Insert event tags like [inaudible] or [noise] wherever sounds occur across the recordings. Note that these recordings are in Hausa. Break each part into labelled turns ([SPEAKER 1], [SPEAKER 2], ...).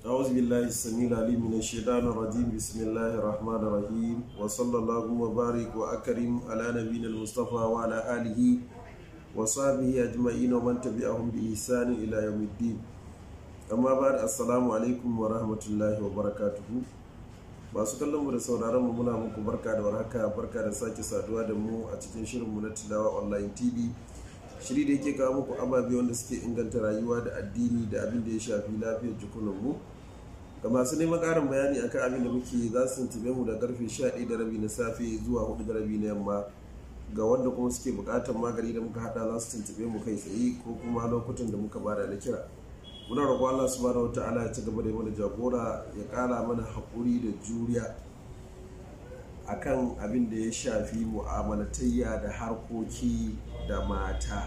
[SPEAKER 1] أعوذ بالله السميع العليم من الشيطان الرجيم بسم الله الرحمن الرحيم وصلى الله وبارك وأكرم على نبينا المصطفى وعلى آله وصحبه أجمعين ومن تبعهم بإحسان إلى يوم الدين أما بعد السلام عليكم ورحمة الله وبركاته masu kallon mu da sauraron mu muna muku barka da warhaka barka da sake saduwa da mu a cikin shirin mu na tilawa online tv shiri da yake kawo muku ababe wanda suke inganta rayuwa da addini da abin da ya shafi lafiyar jikunan mu ga masu neman karin bayani akan abin da muke za su tuntube mu da karfe 11 da rabi na safe zuwa 4 da rabi na yamma ga wanda kuma suke buƙatar magani da muka hada za su tuntube mu kai tsaye ko kuma lokutan da muka bada na kira muna roƙo Allah subhanahu wataala ya ci gaba da mana jagora ya ƙara mana haƙuri da juriya akan abin da ya shafi mu'amalatayya da harkoki da mata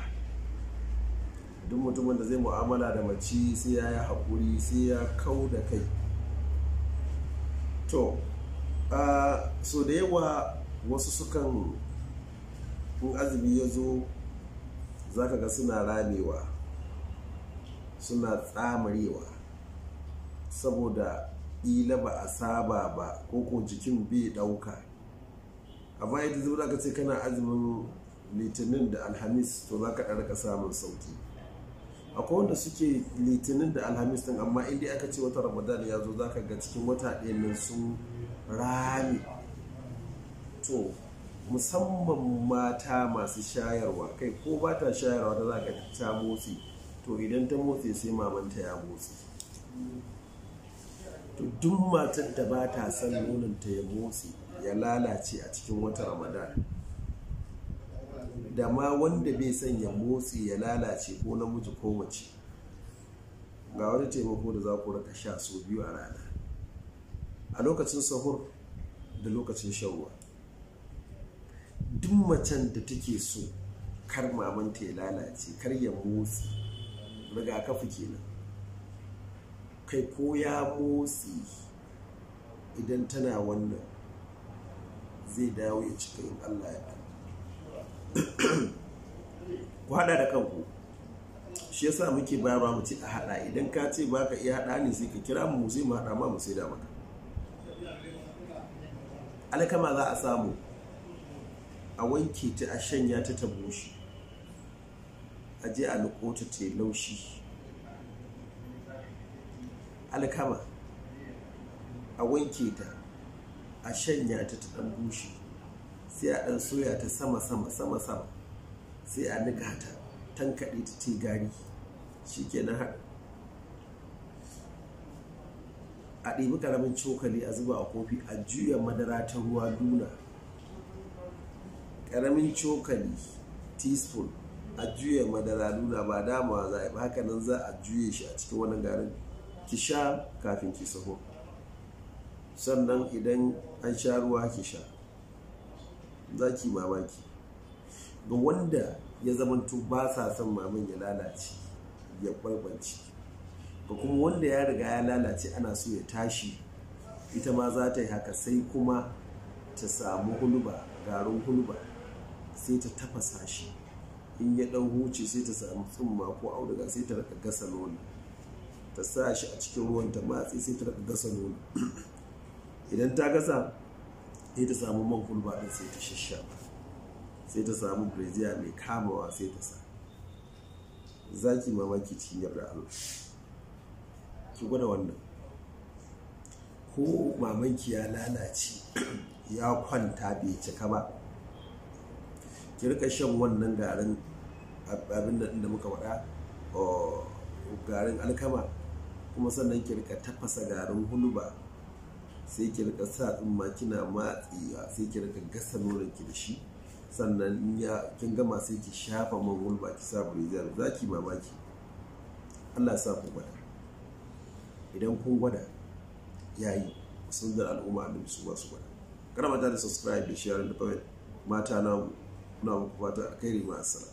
[SPEAKER 1] duk mutumin da zai mu'amala da mace sai ya yi haƙuri sai ya kau da kai to a so da yawa wasu sukan in azumi ya zo za ka ga suna ramewa suna tsamarewa saboda ila ba a saba ba ko ko jikin bai ɗauka a baya yadda zuwa ka ce kana azumin litinin da alhamis to za ka ɗarka samun sauki akwai wanda suke litinin da alhamis din amma inda aka ce wata ramadan ya zo za ka ga cikin wata ɗaya nan sun rami to musamman mata masu shayarwa kai ko ba ta shayarwa ta za ka ta motsi to idan ta motsi sai mamanta ya motsi to duk matan da ba ta san ta ya motsi ya lalace a cikin wata ramadan da ma wanda bai son ya motsi ya lalace ko namiji ko mace ga wani taimako da za ku raka sha so biyu a rana a lokacin sahur da lokacin shan duk macen da take so kar mamanta ya lalace kar ya motsi daga rigakafi kenan kai ko ya motsi idan tana wannan zai dawo ya cika yin Allah ya ku hada da kanku shi yasa muke bayarwa mu ci a hada idan ka ce ba ka iya hada ne sai ka kira mu zai ma hada ma mu sai da maka alkama za a samu a wanke ta a shanya ta ta bushe a je a luko ta ta laushi alkama a wanke ta a shanya ta ta dan bushe sai a dan soya ta sama sama sama sama sai a niga ta tankaɗe ta ce gari shikenan har a ɗebi karamin cokali a zuba a kofi a juya madara ta ruwa duna ƙaramin cokali teaspoon a juya madara duna ba dama za a yi haka nan za a juye shi a cikin wani garin ki sha kafin ki saho sannan idan an sha ruwa ki sha za ki mamaki ga wanda ya zamanto ba sa son maman ya lalace ya barbanci ga kuma wanda ya riga ya lalace ana so ya tashi ita ma za ta yi haka sai kuma ta samu hulba garin hulba sai ta tafasa shi in ya dan huce sai ta samu tsumma ko auduga sai ta raka gasa nono ta sa shi a cikin ruwan ta matsi sai ta raka gasa nono idan ta gasa sai ta samu man kulba din sai ta shashafa sai ta samu breziya mai kamawa sai ta sa za ki mamaki cikin yarda allah ki gwada wannan ko mamanki ya lalace [clears throat] ya kwanta bai cika ba ki rika shan wannan garin abin da inda muka wada oh, garin alkama kuma sannan ki rika tafasa garin huluba sai ki rika sa din ma kina matsewa sai ki rika gasa nonon ki da shi sannan in ya kin gama sai ki shafa man wulba ki sa brizal zaki mamaki Allah sa ku gwada idan kun gwada yayi sun da al'umma annabi su ba su gwada kada mata da subscribe da share da comment mata na na muku fata ne ma assalamu